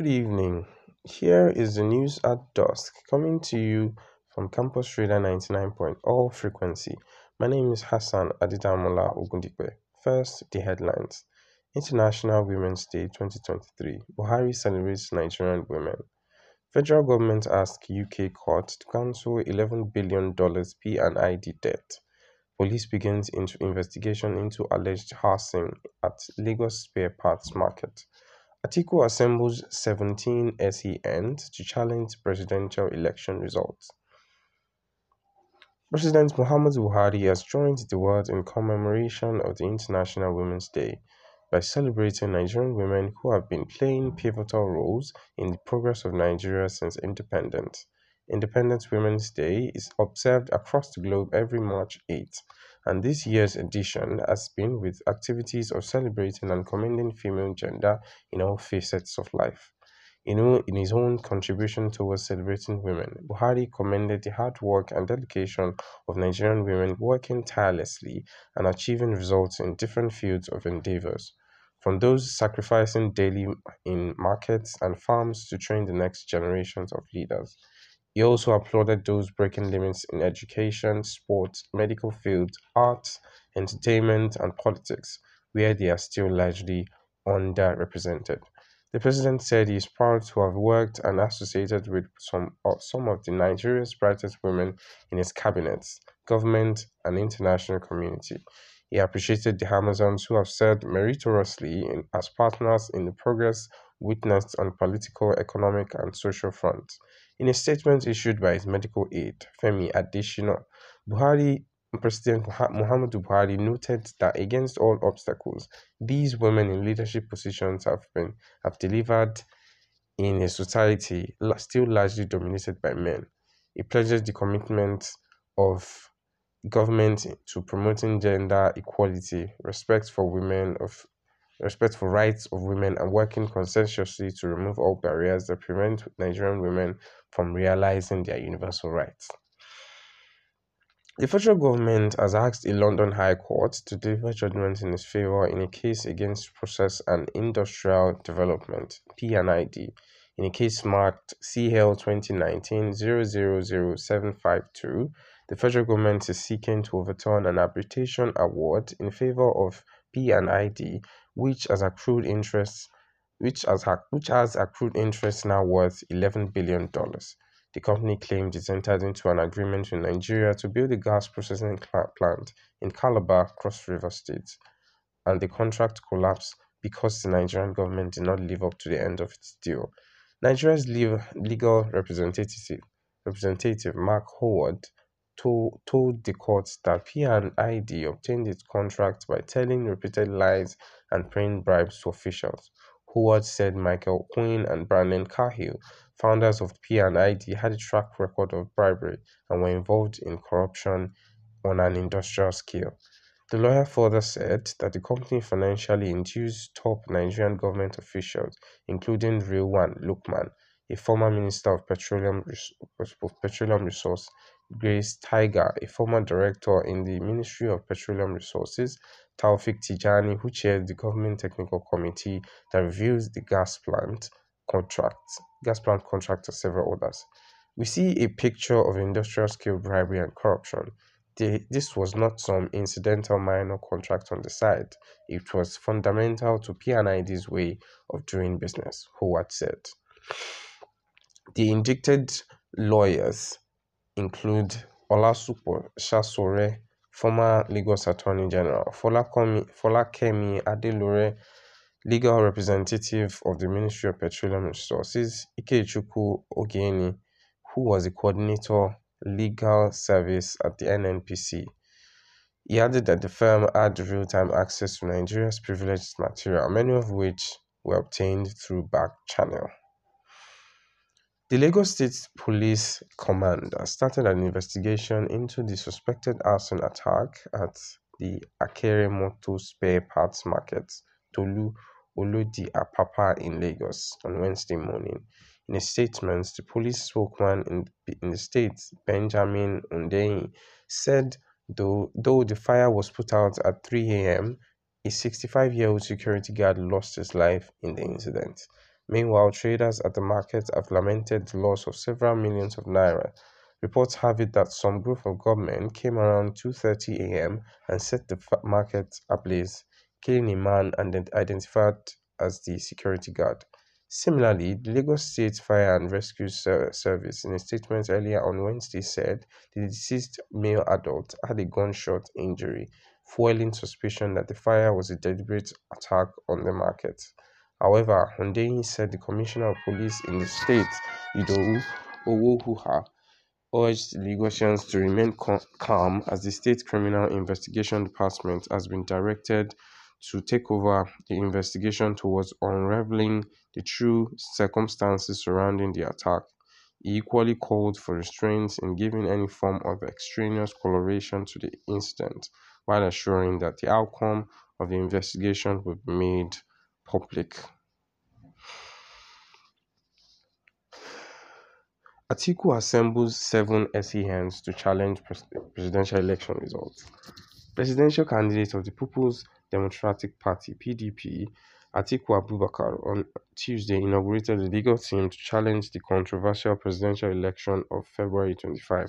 Good evening. Here is the news at dusk coming to you from Campus Radar 99.0 frequency. My name is Hassan Aditamola Ogundipe. First, the headlines. International Women's Day 2023. Buhari celebrates Nigerian women. Federal government asks UK court to cancel $11 billion debt. Police begins into investigation into alleged harassing at Lagos spare parts market. Atiku assembles 17 SENs to challenge presidential election results. President Muhammadu Buhari has joined the world in commemoration of the International Women's Day by celebrating Nigerian women who have been playing pivotal roles in the progress of Nigeria since independence. Independence Women's Day is observed across the globe every March 8 and this year's edition has been with activities of celebrating and commending female gender in all facets of life. In, in his own contribution towards celebrating women, Buhari commended the hard work and dedication of Nigerian women working tirelessly and achieving results in different fields of endeavors from those sacrificing daily in markets and farms to train the next generations of leaders. He also applauded those breaking limits in education, sports, medical fields, arts, entertainment, and politics, where they are still largely underrepresented. The president said he is proud to have worked and associated with some, uh, some of the Nigeria's brightest women in his cabinets, government, and international community. He appreciated the Amazons who have served meritoriously in, as partners in the progress witnessed on political, economic, and social fronts. In a statement issued by his medical aide, Femi Adesina, Buhari President Muhammadu Buhari noted that against all obstacles, these women in leadership positions have been have delivered in a society still largely dominated by men. He pledges the commitment of government to promoting gender equality, respect for women of respect for rights of women and working conscientiously to remove all barriers that prevent Nigerian women from realizing their universal rights. The federal government has asked a London High Court to deliver judgment in its favor in a case against Process and Industrial Development (PNID) in a case marked CL 2019-000752. The federal government is seeking to overturn an arbitration award in favor of P and ID, which has accrued interest, which has which has accrued interest now worth 11 billion dollars. The company claimed it entered into an agreement with Nigeria to build a gas processing plant in Calabar, Cross River State, and the contract collapsed because the Nigerian government did not live up to the end of its deal. Nigeria's legal representative, representative Mark Howard, told the court that P&ID obtained its contract by telling repeated lies and paying bribes to officials. Howard said Michael Quinn and Brandon Cahill, founders of P&ID, had a track record of bribery and were involved in corruption on an industrial scale. The lawyer further said that the company financially induced top Nigerian government officials, including Rewan Lukman, a former minister of petroleum, petroleum resource, Grace Tiger, a former director in the Ministry of Petroleum Resources, Taufik Tijani, who chairs the government technical committee that reviews the gas plant contract, gas plant contract, and several others. We see a picture of industrial scale bribery and corruption. The, this was not some incidental minor contract on the side. It was fundamental to PNID's way of doing business, Howard said. The indicted lawyers include Olasupo Sowore, former Lagos Attorney General, Folakemi Adelore, legal representative of the Ministry of Petroleum Resources, Ikechukwu Ogeni, who was the coordinator legal service at the NNPC. He added that the firm had real-time access to Nigeria's privileged material, many of which were obtained through back channel. The Lagos State Police Command started an investigation into the suspected arson attack at the Akere Motor Spare Parts Market (Tolu Apapa in Lagos on Wednesday morning. In a statement, the police spokesman in the state, Benjamin Hundeyin, said though, though the fire was put out at 3 a.m., a 65-year-old security guard lost his life in the incident. Meanwhile, traders at the market have lamented the loss of several millions of naira. Reports have it that some group of gunmen came around 2:30 a.m. and set the market ablaze, killing a man and identified as the security guard. Similarly, the Lagos State Fire and Rescue Service, in a statement earlier on Wednesday, said the deceased male adult had a gunshot injury, fueling suspicion that the fire was a deliberate attack on the market. However, he said the commissioner of police in the state, Idowu Owohuha, urged Lagosians to remain calm as the state criminal investigation department has been directed to take over the investigation towards unraveling the true circumstances surrounding the attack. He equally called for restraints in giving any form of extraneous coloration to the incident, while assuring that the outcome of the investigation would be made Rückblick. Atiku assembles seven SE hands to challenge pres- presidential election results. Presidential candidate of the People's Democratic Party (PDP), Atiku Abubakar, on Tuesday inaugurated the legal team to challenge the controversial presidential election of February 25.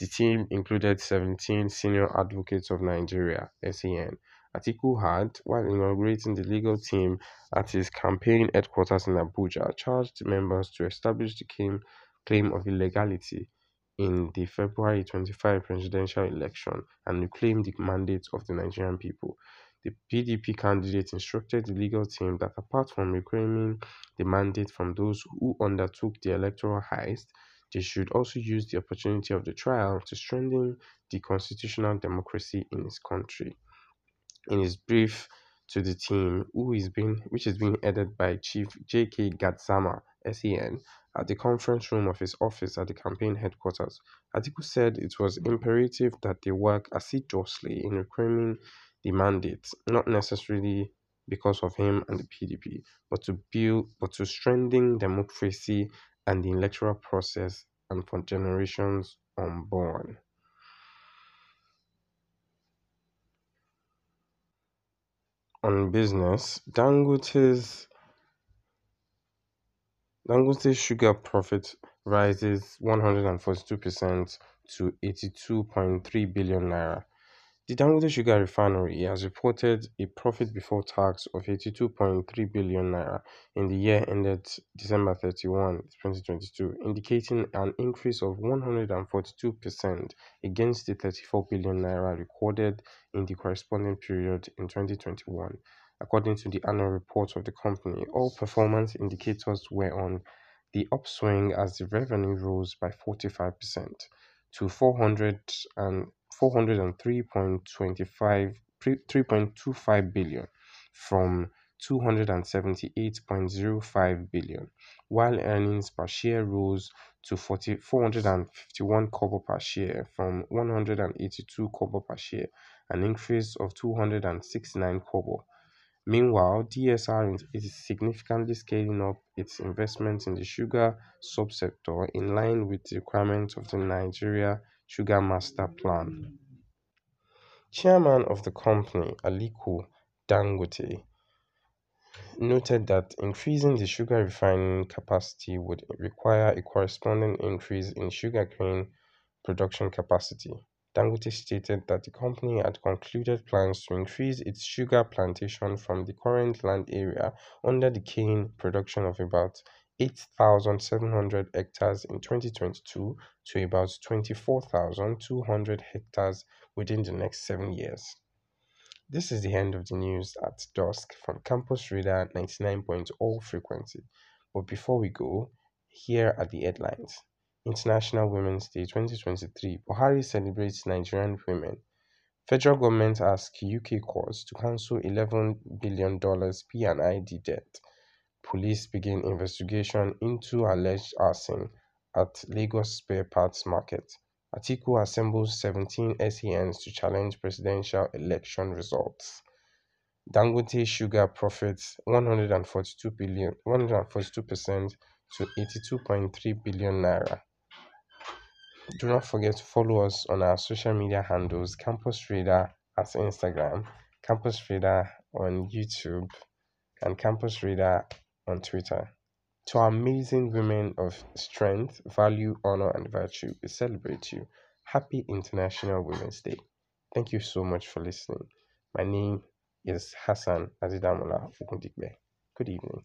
The team included 17 senior advocates of Nigeria (SAN) Atiku had, while inaugurating the legal team at his campaign headquarters in Abuja, charged members to establish the claim of illegality in the February 25 presidential election and reclaim the mandate of the Nigerian people. The PDP candidate instructed the legal team that apart from reclaiming the mandate from those who undertook the electoral heist, they should also use the opportunity of the trial to strengthen the constitutional democracy in his country. In his brief to the team, who is being, which is being headed by Chief J.K. Gatsama, SEN, at the conference room of his office at the campaign headquarters, Atiku said it was imperative that they work assiduously in reclaiming the mandate, not necessarily because of him and the PDP, but to build but to strengthen democracy and the electoral process and for generations unborn. On business, Dangote's Dangote sugar profit rises 142% to 82.3 billion naira the Dangote Sugar Refinery has reported a profit before tax of 82.3 billion naira in the year ended December 31, 2022, indicating an increase of 142% against the 34 billion naira recorded in the corresponding period in 2021, according to the annual report of the company. All performance indicators were on the upswing as the revenue rose by 45% to 400 and 403.25 3.25 billion from 278.05 billion, while earnings per share rose to 40, 451 kobo per share from 182 kobo per share, an increase of 269 kobo. Meanwhile, DSR is significantly scaling up its investments in the sugar subsector in line with the requirements of the Nigeria Sugar Master Plan. Chairman of the company, Aliko Dangote, noted that increasing the sugar refining capacity would require a corresponding increase in sugar cane production capacity. Dangote stated that the company had concluded plans to increase its sugar plantation from the current land area under the cane production of about 8,700 hectares in 2022 to about 24,200 hectares within the next seven years. This is the end of the news at dusk from Campus Radar 99.0 frequency. But before we go, here are the headlines. International Women's Day 2023, Buhari celebrates Nigerian women. Federal government asks UK courts to cancel $11 billion P&ID debt. Police begin investigation into alleged arson at Lagos spare parts market. Atiku assembles 17 SENs to challenge presidential election results. Dangote sugar profits 142 billion, 142% to 82.3 billion naira. Do not forget to follow us on our social media handles Campus Radar at Instagram, Campus Radar on YouTube, and Campus Radar on Twitter. To our amazing women of strength, value, honor, and virtue, we celebrate you. Happy International Women's Day. Thank you so much for listening. My name is Hassan Azidamola Okundigbe. Good evening.